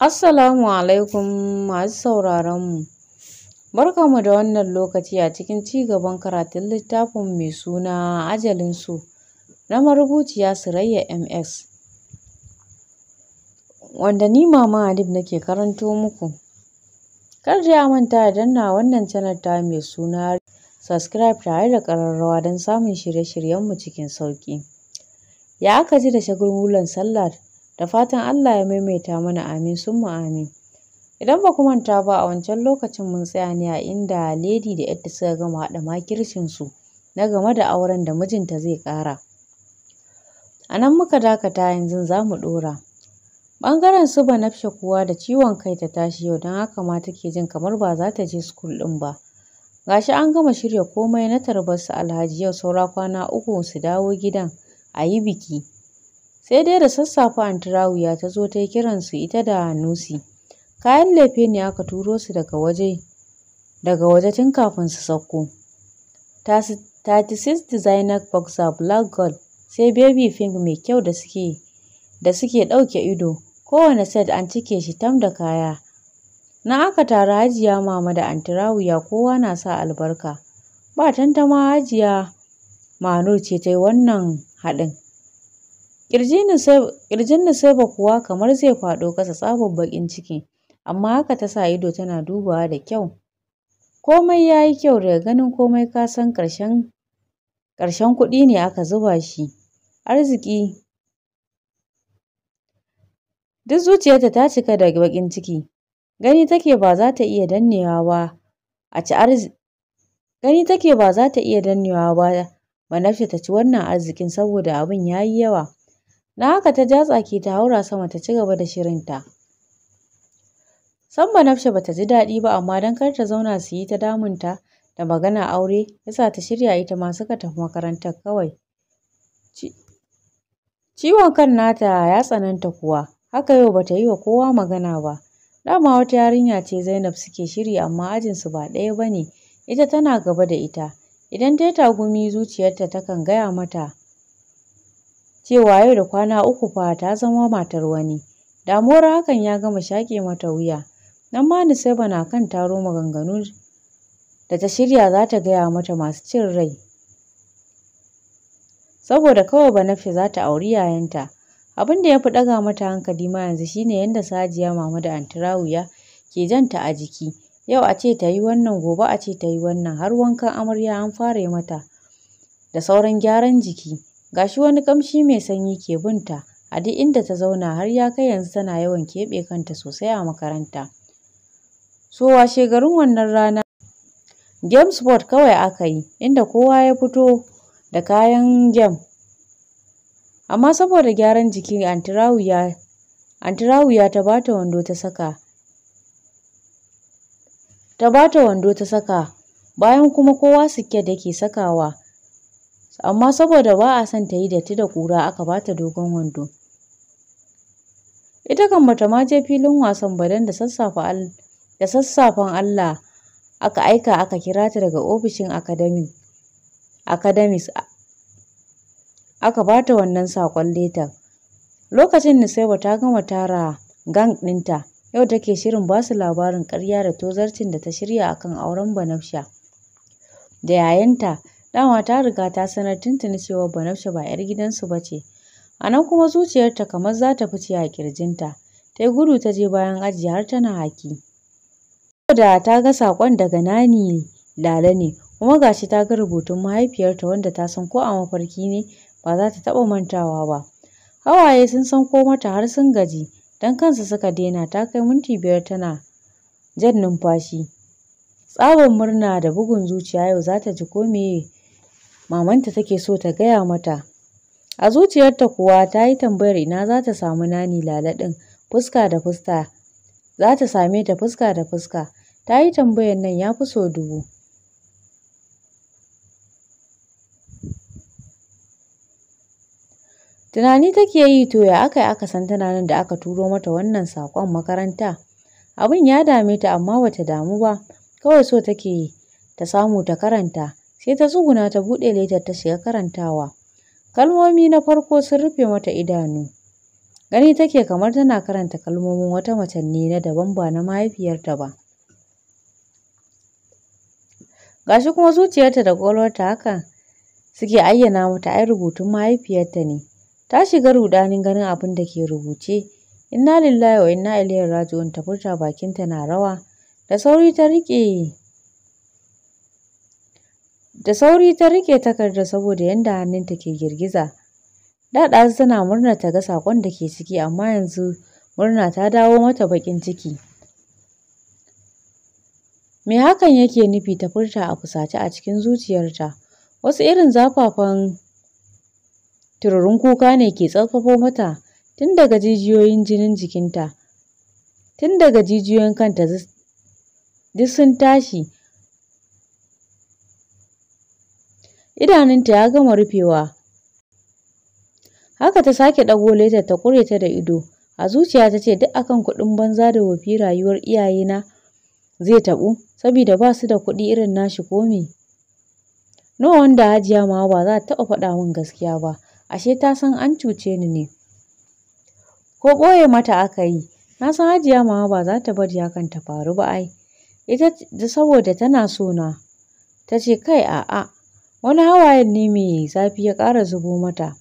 Assalamu alaikum masu sauraron mu. Barkanmu da wannan lokaci a cikin ci gaban karatun littafin mai suna Ajalin So na marubuciya sirayya MS. Wanda ni Mama Adib nake karanto muku. Kar da manta da danna wannan channel ta mai suna subscribe tare da ƙararrawa don samun shirye-shiryenmu cikin sauƙi. Ya aka ji da shagulgulan sallar Da fatan Allah ya maimaita mana amin summa amin. Idan ba manta ba a wancan lokacin mun tsaya ne a inda Lady da yadda suka gama haɗa su na game da auren da mijinta zai ƙara. A nan muka dakata yanzu za mu ɗora. Ɓangaren su ba Banafsha kuwa da ciwon kai ta tashi yau don haka ma take jin kamar ba za ta je skul ɗin ba. Gashi an gama shirya komai na tarbar su Alhaji yau saura kwana uku su dawo gidan a yi biki. Sai dai da sassafe Antirawiya ta zo ta yi kiransu ita da Nusi. Kayan lefe ne aka turo su daga waje daga waje tun kafin su sauko. 36 designer boxer black gold sai baby pink mai kyau da suke da suke ɗauke ido. Kowane set an cike shi tam da kaya. Na aka tara Hajiya Mama da Antirawiya kowa na sa albarka. Ba tantama Hajiya Manur ce ta yi wannan haɗin. Ƙirjin Nusaiba kuwa kamar zai faɗo ƙasa tsabar baƙin ciki, amma haka ta sa ido tana dubawa da kyau. Komai ya yi kyau daga ganin komai ka san ƙarshen kuɗi ne aka zuba shi, arziki. Duk zuciyarta ta cika da baƙin ciki, gani take ba za ta iya dannewa ba a ci arziki. Gani take ba za ta iya dannewa ba ta ci wannan arzikin saboda abin ya yi yawa. Na haka ta ja tsaki ta haura sama ta ci gaba da shirinta. San Banafsha bata ji daɗi ba amma don kar ta zauna su yi ta damunta da magana aure yasa ta shirya ita ma suka tafi makarantar kawai. Ciwon kan nata ya tsananta kuwa, haka yau bata yi wa kowa magana ba. Dama wata yarinya ce Zainab suke shiri amma ajinsu ba ɗaya ba ne, ita tana gaba da ita. Idan ta yi tagumi zuciyarta takan gaya mata cewa yau da kwana uku fa ta zama matar wani. Damuwar hakan ya gama shaƙe mata wuya. Nan ma Nusaiba na kan taro maganganu da ta shirya za ta gaya mata masu cin rai. Saboda kawai Banafi za ta auri yayanta. Abin da ya fi ɗaga mata hankali ma yanzu shine yadda Sajiya mama da Antirawiya ke janta a jiki. Yau a ce ta yi wannan gobe a ce ta yi wannan har wankan amarya an fara yi mata da sauran gyaran jiki. Ga shi wani ƙamshi mai sanyi ke binta a duk inda ta zauna har ya kai yanzu tana yawan keɓe kanta sosai a makaranta. So washegarin wannan rana game sport kawai aka yi, inda kowa ya fito da kayan game. Amma saboda gyaran jiki Anty Rawiya, Anty Rawiya ta ba ta wando ta saka, ta ba wando ta saka, bayan kuma kowa da ke sakawa. amma saboda ba a son ta yi datti da ƙura aka ba ta dogon wando ita kan bata ma je filin wasan ba da sassafen Allah aka aika aka kira ta daga ofishin academy academics aka ba ta wannan saƙon letar lokacin sai ta gama tara gang ɗinta yau take shirin ba su labarin ƙarya da tozarcin da ta shirya akan auren Banafsha da yayanta Dama ta riga ta sanar tuntuni cewa Banabsha ba 'yar gidansu ba ce. A nan kuma zuciyarta kamar za ta fice a kirjinta ta yi gudu ta je bayan aji har tana haki. Saboda ta ga saƙon daga Nani Lale ne, kuma gashi shi ta ga rubutun mahaifiyarta wanda ta san ko a mafarki ne ba za ta taɓa mantawa ba. Hawaye sun san ko mata har sun gaji, don kansu suka daina ta kai minti biyar tana jan numfashi. Tsabar murna da bugun zuciya yau za ta ji ko meye mamanta take so ta gaya mata. A zuciyarta kuwa ta yi tambayar ina za ta samu nani lala ɗin fuska da fuska. Za ta same ta fuska da fuska. Ta yi tambayar nan ya fi so dubu. Tunani take yi to ya aka yi aka san tana nan da aka turo mata wannan saƙon makaranta. Abin ya dame ta amma bata damu ba, kawai so take yi ta samu ta karanta sai ta tsuguna ta buɗe letar ta shiga karantawa. Kalmomi na farko sun rufe mata idanu. Gani take kamar tana karanta kalmomin wata mace ne na daban ba na mahaifiyarta ba. Gashi kuma zuciyarta da ƙwaƙwalwarta haka suke ayyana mata ai rubutun mahaifiyarta ne. Ta shiga rudanin ganin abin da ke rubuce. Inna lillahi wa inna ilaihi raji'un ta furta bakinta na rawa. Da sauri ta riƙe Da sauri ta rike takarda saboda yadda hannunta ke girgiza. Daɗa tana murna ta ga saƙon da ke ciki amma yanzu murna ta dawo mata baƙin ciki. Me hakan yake nufi ta furta a fusace a cikin zuciyarta. Wasu irin zafafan tururin kuka ne ke tsarfafo mata tun daga jijiyoyin jinin jikinta. Tun daga jijiyoyin kanta duk sun tashi idanunta ya gama rufewa haka ta sake ɗago leta ta ƙure ta da ido a zuciya ta ce duk akan kuɗin banza da wofi rayuwar iyayena zai taɓu saboda ba su da kuɗi irin nashi ko me no wanda hajiya ma ba za ta taɓa faɗa min gaskiya ba ashe ta san an cuce ni ne ko ɓoye mata aka yi na san hajiya ma ba za ta bari hakan ta faru ba ai ita saboda tana so na ta ce kai a'a Wani hawayen ne mai zafi ya ƙara zubo mata.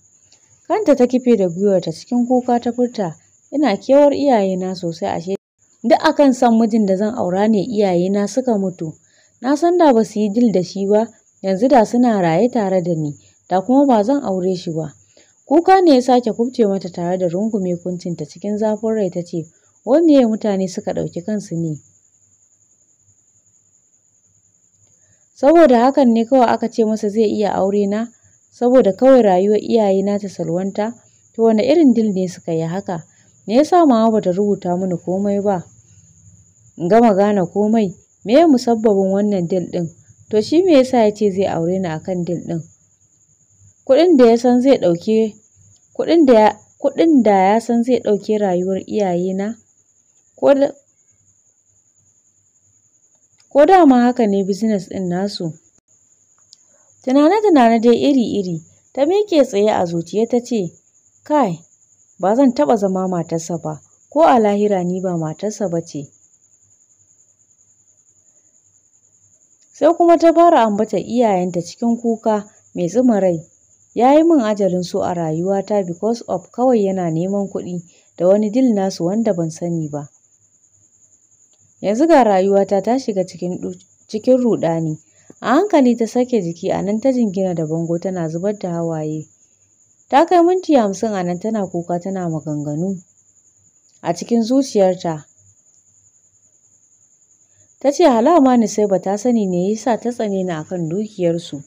Kanta ta kife da gwiwarta cikin kuka ta furta, ina kewar iyayena sosai ashe. Duk akan san mijin da zan aura ne iyayena suka mutu. Na san da basu yi dil da shi ba, yanzu da suna raye tare da ni, da kuma ba zan aure shi ba. Kuka ne ya sake kubce mata tare da rungume kuncinta cikin zafin rai ta ce, wai meye mutane suka ɗauki kansu ne? saboda hakan ne kawai aka ce masa zai iya aure na saboda kawai rayuwar iyayena ta salwanta to wani irin dil ne suka yi haka me yasa mama bata rubuta mini komai ba in gama gane komai me ya musabbabin wannan dil din to shi me yasa ya ce zai aure ni akan dil din kuɗin da ya san zai ɗauke kuɗin da ya da ya san zai ɗauke rayuwar iyayena na ko dama haka ne business ɗin nasu. Tunane-tunane dai iri-iri ta miƙe tsaye a zuciya ta ce, kai ba zan taɓa zama matarsa ba ko a lahira ni ba matarsa ba ce. Sai kuma ta fara ambata iyayenta cikin kuka mai tsima rai. Ya yi min ajalin su a rayuwata because of kawai yana neman kuɗi da wani dil nasu wanda ban sani ba. yanzu ga rayuwata ta shiga cikin cikin ruɗani a hankali ta sake jiki a nan ta jingina da bango tana zubar da hawaye ta kai minti hamsin a nan tana kuka tana maganganu a cikin zuciyarta ta ce halama ni sai bata ta sani ne sa ta tsane ni akan dukiyarsu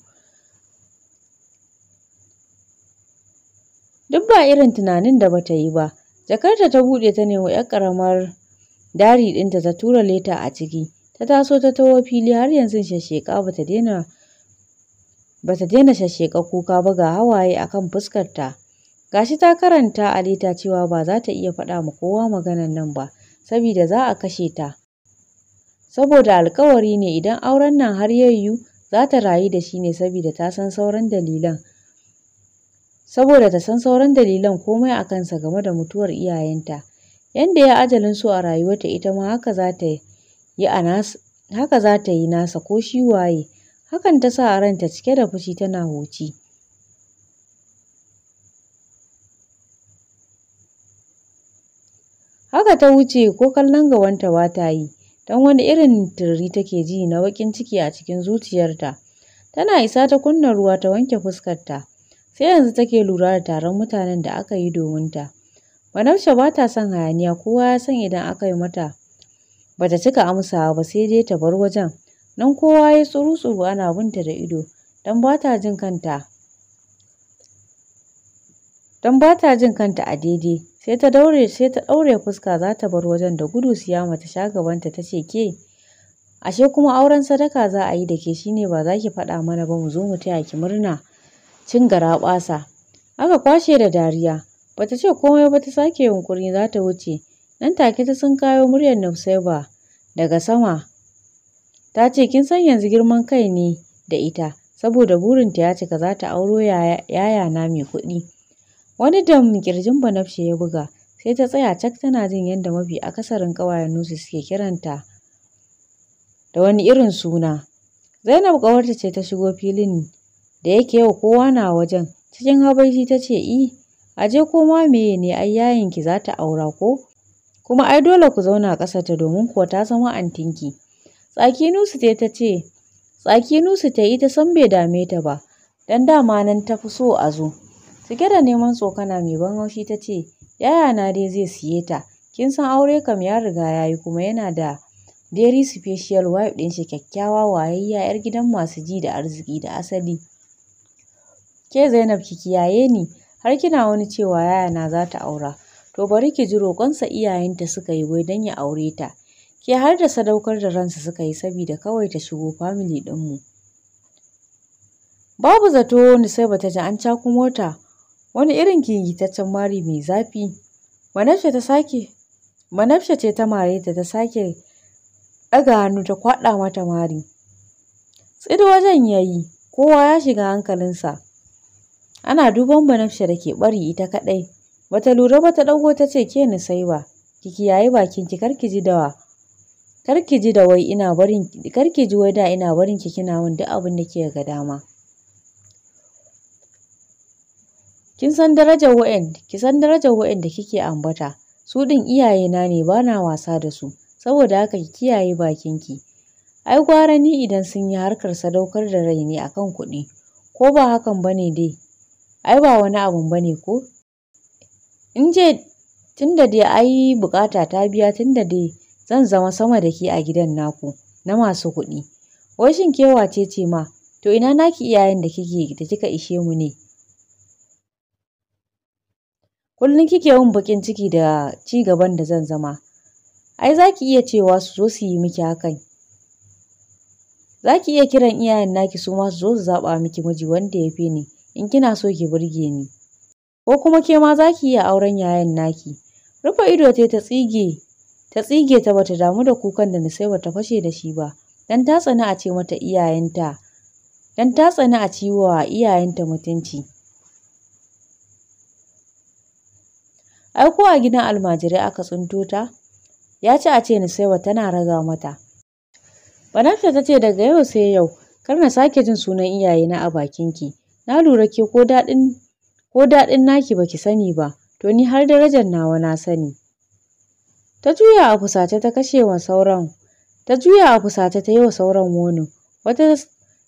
duk ba irin tunanin da bata yi ba jakarta ta buɗe ta nemo 'yar ƙaramar Dari ɗinta ta tura leta a ciki, ta taso ta taho fili har yanzu shashsheƙa ba ta daina ba ta kuka ba ga hawaye a kan ta Gashi ta karanta a leta cewa ba za ta iya faɗa ma kowa maganan nan ba, saboda za a kashe ta. Saboda alkawari ne idan auren nan har ya za ta rayu da shi ne saboda ta san sauran dalilan. Saboda ta san sauran dalilan komai a kansa game da mutuwar iyayenta. Yanda ya ajalin su a rayuwarta ita ma haka za ta yi a nasa haka za ta yi nasa ko shi waye. Hakan ta sa a ranta cike da fushi tana huci. Haka ta wuce ko kallon gabanta ba ta yi don wani irin tiriri take ji na baƙin ciki a cikin zuciyarta. Tana isa ta kunna ruwa ta wanke fuskarta, sai yanzu take lura da taron mutanen da aka yi domin ta. Banausha ba ta son hayaniya, kowa ya san idan aka yi mata ba ta cika amsawa ba sai dai ta bar wajen, nan kowa ya yi tsuru-tsuru ana binta da ido don ba ta jin kanta a daidai, sai ta ɗaure fuska za ta bar wajen da gudu Siyama mata sha gabanta ta ce ke, ashe kuma auren sadaka za a yi da ke shi ne ba za ki faɗa mana ba mu zo mu taya ki murna, cin garaɓasa. Aka kwashe da dariya, Bata ce komai ba ta sake yunƙurin za ta wuce. Nan take ta kayo muryar Nusaiba daga sama. Ta ce kin san yanzu girman kai ne da ita saboda burinta ya cika za ta auro yayana mai kuɗi. Wani dam ƙirjin Banafshe ya buga sai ta tsaya cak tana jin yadda mafi akasarin ƙawayen Nusu suke kiranta da wani irin suna. Zainab ƙawarta ce ta shigo filin da yake yau kowa na wajen cikin habaishi ta ce i Aje ko ma meye ne ai ki za ta aura ko? Kuma ai dole ku zauna ƙasa ta domin kuwa ta zama antinki. Tsaki Nusu ta ta ce, tsaki Nusu ta yi ta san bai dame ta ba, dan dama nan ta fi so a zo. Cike da neman tsokana mai ban haushi ta ce, Yaya na dai zai siye ta, kin san aure kam ya riga ya yi kuma yana da very special wife ɗin shi kyakkyawa wayayya 'yar gidan masu ji da arziki da asali. Ke Zainab ki kiyaye ni, har kina wani cewa yaya na za ta aura to bari ki ji roƙonsa iyayenta suka yi wai don ya aure ta ke har da sadaukar da ransa suka yi sabida kawai ta shigo family ɗinmu babu zato wani sai bata ji an cakumo ta wani irin gingitaccen mari mai zafi manafsha ta sake manafsha ce ta mare ta ta sake ɗaga hannu ta kwaɗa mata mari tsid wajen yayi kowa ya shiga hankalinsa Ana duban Banafsha da ke ɓari ita kaɗai. Bata lura ba ta ɗauko ta ce ke ni saiwa. Ki kiyaye bakin ki kar ji da da wai ina barin wai da ina barin ki kina wani duk abin da ke ga dama. Kin san darajar wa'en, ki san darajar wa'en da kike ambata. Su din na ne bana wasa da su. Saboda haka ki kiyaye bakin ki. Ai gwara ni idan sun yi harkar sadaukar da rai ne akan kuɗi. Ko ba hakan bane dai. ai ba wani abun ne, ko? In je tun da dai ai bukata ta biya tun da dai zan zama sama da ke a gidan naku na masu kuɗi. Wai shin ke wace ce ma? To ina naki iyayen da kike da kika ishe mu ne? Kullum kike yin baƙin ciki da ci gaban da zan zama. Ai za ki iya cewa su zo su yi miki hakan. Za ki iya kiran iyayen naki su ma su zo su zaɓa miki miji wanda ya fi ni. in kina so ki burge ni. Ko kuma ke ma za ki iya auren yayan naki. Rufe ido ta ta tsige ta tsige ta bata damu da kukan da na sai ta fashe da shi ba. Dan ta tsani a ce mata iyayenta dan ta tsani a ciwa iyayenta mutunci. Ai ko a gidan almajirai aka tsinto ta? Ya ci a ce ni Nusaiba tana raga mata. Banafta ta ce daga yau sai yau kar na sake jin sunan iyayena a bakinki. Na lura ke ko daɗin ko daɗin naki baki sani ba, to ni har darajar nawa na sani. Ta juya a fusace ta kashe wa sauran. Ta juya a fusata ta yi wa sauran wonin. Wata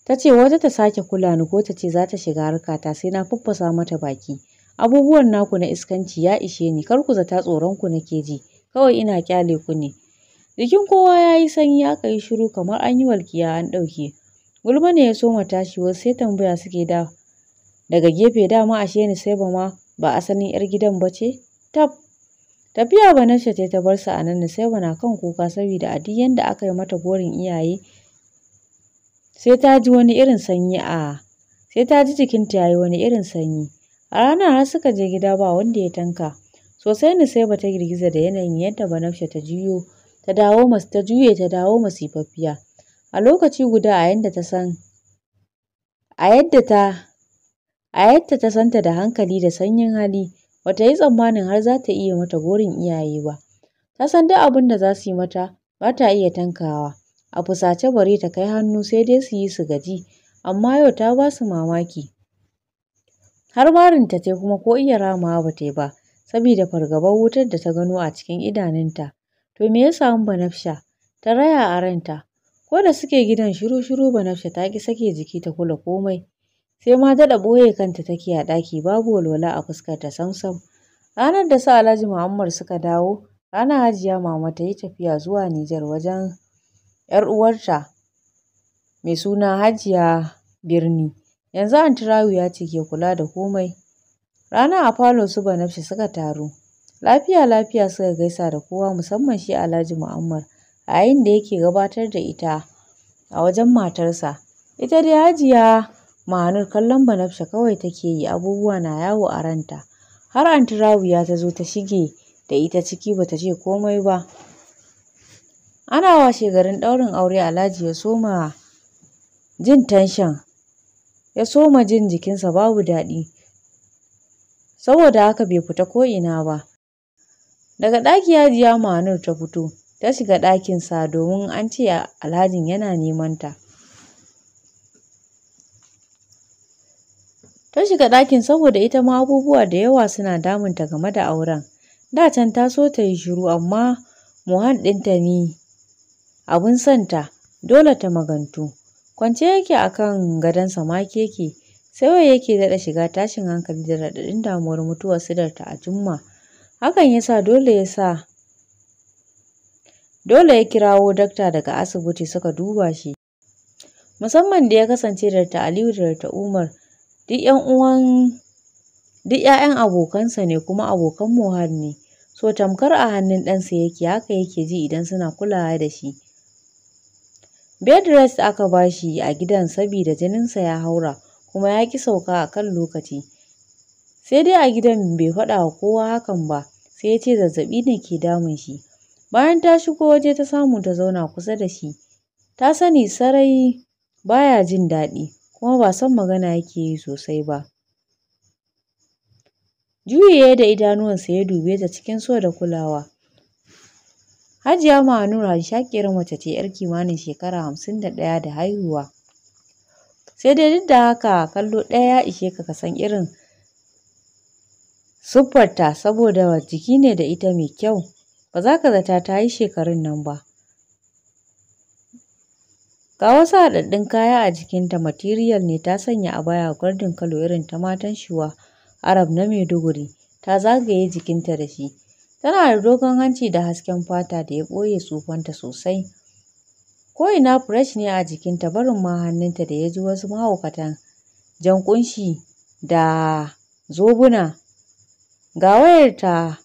ta ce wata ta sake kula ni ko ta ce za ta shiga harkata sai na fuffasa mata baki. Abubuwan naku na iskanci ya ishe ni, kar ku zata tsoron ku nake ji, kawai ina kyale ku ne. Jikin kowa ya yi sanyi aka yi shiru kamar an yi walƙiya an ɗauke. Gulma ne ya soma tashi wasu sai tambaya suke da daga gefe dama ashe ni sai ba ma ba 'yar gidan ba ce tab tafiya banasha ta bar su a nan ni sai na kan kuka saboda a duk yanda aka yi mata gorin iyaye sai ta ji wani irin sanyi a sai ta ji jikin ta yayi wani irin sanyi a ranar har suka je gida ba wanda ya tanka sosai ni sai ta girgiza da yanayin yadda banafsha ta juyo ta dawo ta juye ta dawo masifaffiya a lokaci guda a yanda ta san a yadda ta A yadda ta santa da hankali da sanyin hali, ba ta yi tsammanin har za ta iya mata gorin iyaye ba. Ta san duk abin da za su yi mata ba ta iya tankawa. A fusace bare ta kai hannu sai dai su yi su gaji, amma yau ta ba su mamaki. Har marinta ta kuma ko iya ramawa ba ta yi ba, sabida fargabar wutar da ta gano a cikin idanunta. To me ya samu Banafsha? Ta raya a ranta. Ko da suke gidan shiru-shiru Banafsha ta ƙi sake jiki ta kula komai. sai ma daɗa ɓoye kanta take a ɗaki babu walwala a fuskar fuskarta samsam. Ranar da su Alhaji Muhammad suka dawo, ranar Hajiya Mama ta yi tafiya zuwa Nijar wajen ‘yar uwarta mai suna Hajiya Birni. Yanzu Anti ya ce ke kula da komai. Ranar a falo su Banafshi suka taru. Lafiya lafiya suka gaisa da kowa musamman shi Alhaji Muhammad a yayin da yake gabatar da ita a wajen matarsa. Ita dai Hajiya ma'anar kallon Banabsha kawai take yi abubuwa na yawo a ranta. Har antirawiya Rabi'a ta zo ta shige da ita ciki ba ta ce komai ba. Ana washe garin ɗaurin aure Alhaji ya soma jin tension, ya soma jin jikinsa babu daɗi. Saboda haka bai fita ko'ina ba. Daga ɗaki yajiya ma'anar ta fito, ta shiga ɗakinsa domin an ce Alhajin yana neman ta. Ta shiga ɗakin saboda ita ma abubuwa da yawa suna damunta game da auren. Da can ta so ta yi shiru amma muhan ɗinta ne abin santa dole ta magantu. Kwance yake a kan gadon samaki yake sai wai yake daɗa shiga tashin hankali da raɗaɗin damuwar mutuwar sidarta a Jumma. Hakan ya sa dole ya sa dole ya kirawo dakta daga asibiti suka duba shi. Musamman da ya kasance da ta Aliyu da ta Umar Duk 'yan uwan, duk 'ya'yan abokansa ne kuma abokan Mohad ne. So tamkar a hannun ɗansa yake, haka yake ji idan suna kulawa da shi. Bed rest aka ba shi a gidan sabida jininsa ya haura kuma ya ƙi sauka a kan lokaci. Sai dai a gidan bai faɗa wa kowa hakan ba, sai ya ce zazzaɓi ne ke damun shi. Bayan ta shigo waje ta samu ta zauna kusa da shi. Ta sani sarai baya jin daɗi, kuma ba son magana yake yi sosai ba. Juyi ya yi da idanuwansa ya dube ta cikin so da kulawa. Hajiya Ma'anur hamshakiyar mace ce 'yar kimanin shekara hamsin da ɗaya da haihuwa. Sai dai duk da haka kallo ɗaya ya ishe ka ka san irin siffarta saboda jiki ne da ita mai kyau. Ba za ka zata ta yi shekarun nan ba. Ga wasu haɗaɗɗun kaya a jikinta matiriyal ne ta sanya a baya gwardin kalo irin ta matan Shuwa Arab na Maiduguri ta zagaye jikinta da shi. Tana da dogon hanci da hasken fata da ya ɓoye tsufanta sosai. Ko'ina fresh ne a jikinta barin ma hannunta da ya ji wasu mahaukatan jan ƙunshi da zobuna. Ga wayarta,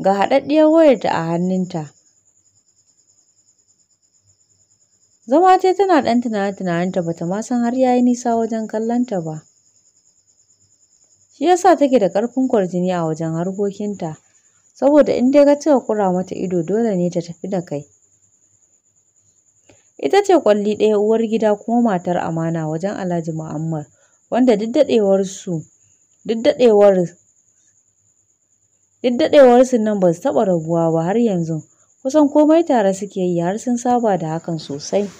ga haɗaɗɗiyar wayarta a hannunta Zama ce tana ɗan tunanin tunanenta ba ta ma san har ya yi nisa wajen kallonta ba. Shi ya sa take da ƙarfin kwarjini a wajen harkokinta, saboda in dai ka cika ƙura mata ido dole ne ta tafi da kai. Ita ce ƙwalli ɗaya uwar gida kuma matar amana wajen Alhaji Mu'ammar, wanda duk daɗewarsu duk daɗewar duk daɗewarsu nan ba su taɓa rabuwa ba har yanzu. Kusan komai tare suke yi har sun saba da hakan sosai.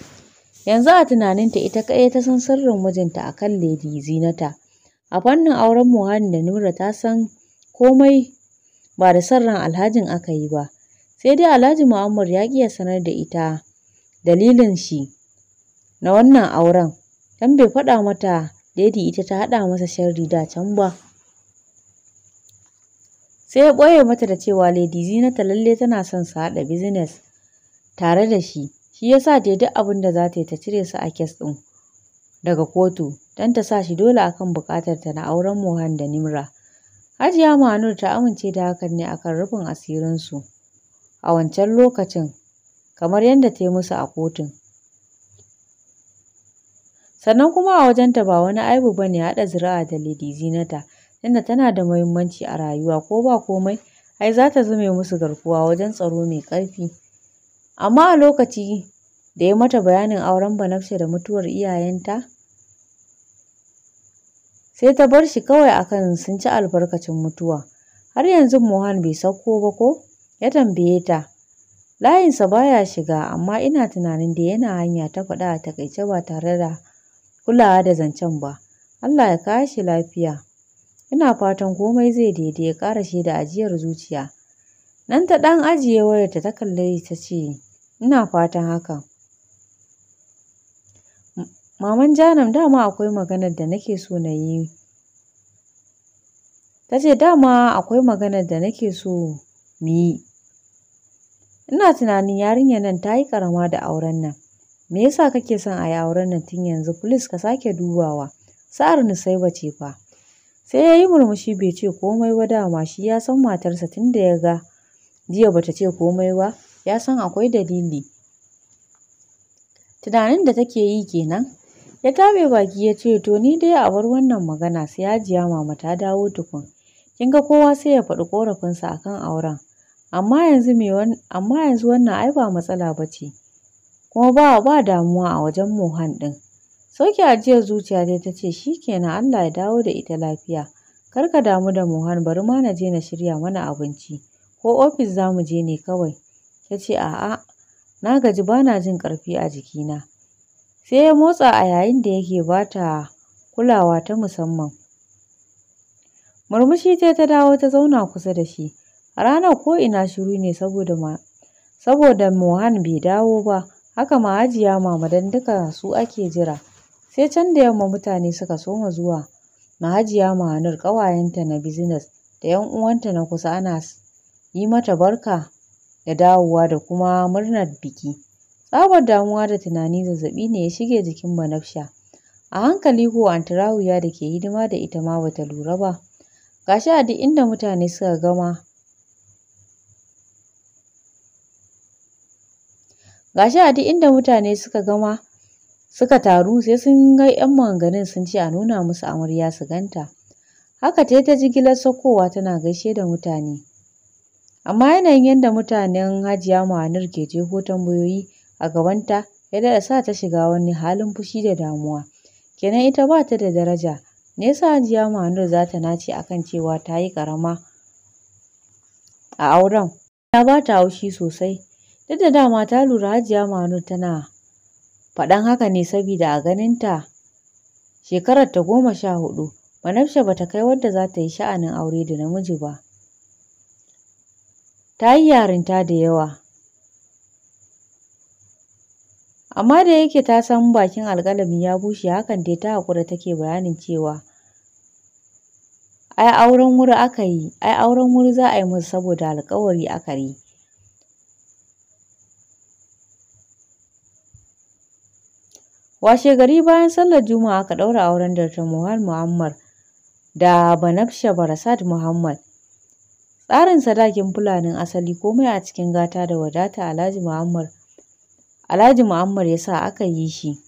Yanzu a tunaninta ita kaɗai ta san sirrin mijinta a kan Lady Zinata. A fannin auren Muhani da Nura ta san komai ba da son Alhajin aka yi ba. Sai dai Alhaji Mu'ammar ya ƙi ya sanar da ita dalilin shi na wannan auren. don bai faɗa mata Lady ita ta haɗa masa sharri da can ba. sai ya ɓoye mata da cewa Lady Zinata lalle tana son su haɗa business tare da shi shi yasa ta duk abin da za ta yi ta cire su a kes ɗin daga kotu don ta sa shi dole a kan buƙatar ta na auren Mohan da Nimra Hajiya Manur ta amince da hakan ne akan rufin asirinsu a wancan lokacin kamar yadda ta yi musu a kotun sannan kuma a wajenta ba wani aibu ba ne haɗa zira'a da Lady Zinata tunda tana da muhimmanci a rayuwa ko ba komai ai zata zame musu garkuwa wajen tsaro mai ƙarfi. Amma a lokaci da ya mata bayanin auren Banabsha da mutuwar iyayenta sai ta bar shi kawai akan sun ci albarkacin mutuwa. Har yanzu Mohan bai sauko ba ko? Ya tambaye ta. Layinsa baya shiga amma ina tunanin da yana hanya ta faɗa a taƙaice ba tare da kulawa da zancen ba. Allah ya kashi lafiya. Ina fatan komai zai daidai ya ƙara shaida ajiyar zuciya. Nan ta ɗan ajiye wayar ta kalle ta ce, Ina fatan hakan. Maman Janam dama akwai maganar da nake so na yi. Ta ce dama akwai maganar da nake so mu yi. Ina tunanin yarinyar nan ta yi ƙarama da auren nan. Me yasa kake son a yi auren nan tun yanzu? Please ka sake dubawa. Sa'ar sai ce fa. Sai ya yi murmushi bai ce komai ba dama shi ya san matarsa tun da ya ga jiya bata ce komai ba ya san akwai dalili. Tunanin da take yi kenan ya tabe baki ya ce to ni dai a bar wannan magana sai jiya, mama ta dawo tukun. Kin ga kowa sai ya faɗi a kan auren. Amma yanzu amma yanzu wannan ai ba matsala ba ce. Kuma ba ba damuwa a wajen Mohan ɗin. Sauke ajiyar zuciya dai ta ce shi kenan Allah ya dawo da ita lafiya. Kar ka damu da Mohan bari ma na je na shirya mana abinci ko ofis za mu je ne kawai. Ta ce a'a na gaji bana jin ƙarfi a jikina. Sai ya motsa a yayin da yake ba ta kulawa ta musamman. Murmushi ce ta dawo ta zauna kusa da shi. A ranar ko ina shiru ne saboda ma saboda Mohan bai dawo ba haka ma Hajiya Mama don duka su ake jira. Sai can da yamma mutane suka soma zuwa mahajiya Hajiya ƙawayenta na bizines da 'yan uwanta na kusa ana yi mata barka da dawowa da kuma murnar biki. Tsabar damuwa da tunani zazzaɓi ne ya shige jikin Banafsha. A hankali ko Anty da ke hidima da ita ma bata lura ba. Ga shi a duk inda mutane suka gama ga shi a duk inda mutane suka gama suka taru sai sun ga 'yan maganganun sun ce a nuna musu amarya su ganta haka ta ta jigilar saukowa tana gaishe da mutane amma yanayin yadda mutanen hajiya ma'anar ke jeho tambayoyi a gabanta ya daɗa sa ta shiga wani halin fushi da damuwa kenan ita ba ta da daraja me yasa hajiya ma'anar za ta nace akan cewa ta yi ƙarama a auren ta ba ta haushi sosai duk da dama ta lura hajiya ma'anar tana faɗan haka ne saboda a ganin ta. shekarar ta goma sha hudu ba bata kai wadda za ta yi sha'anin aure da namiji ba ta yi yarinta da yawa amma da yake ta san bakin alƙalami ya bushe hakan dai ta haƙura take bayanin cewa ai auren wuri aka yi ai auren wuri za a yi musu saboda alƙawari aka yi washe gari bayan sallar juma'a ka ɗaura auren Dr. Muhal Muhammad da Banabsha barasad Muhammad tsarin sadakin fulanin asali komai a cikin gata da wadata Alhaji Muhammad Alhaji Muhammad ya sa aka yi shi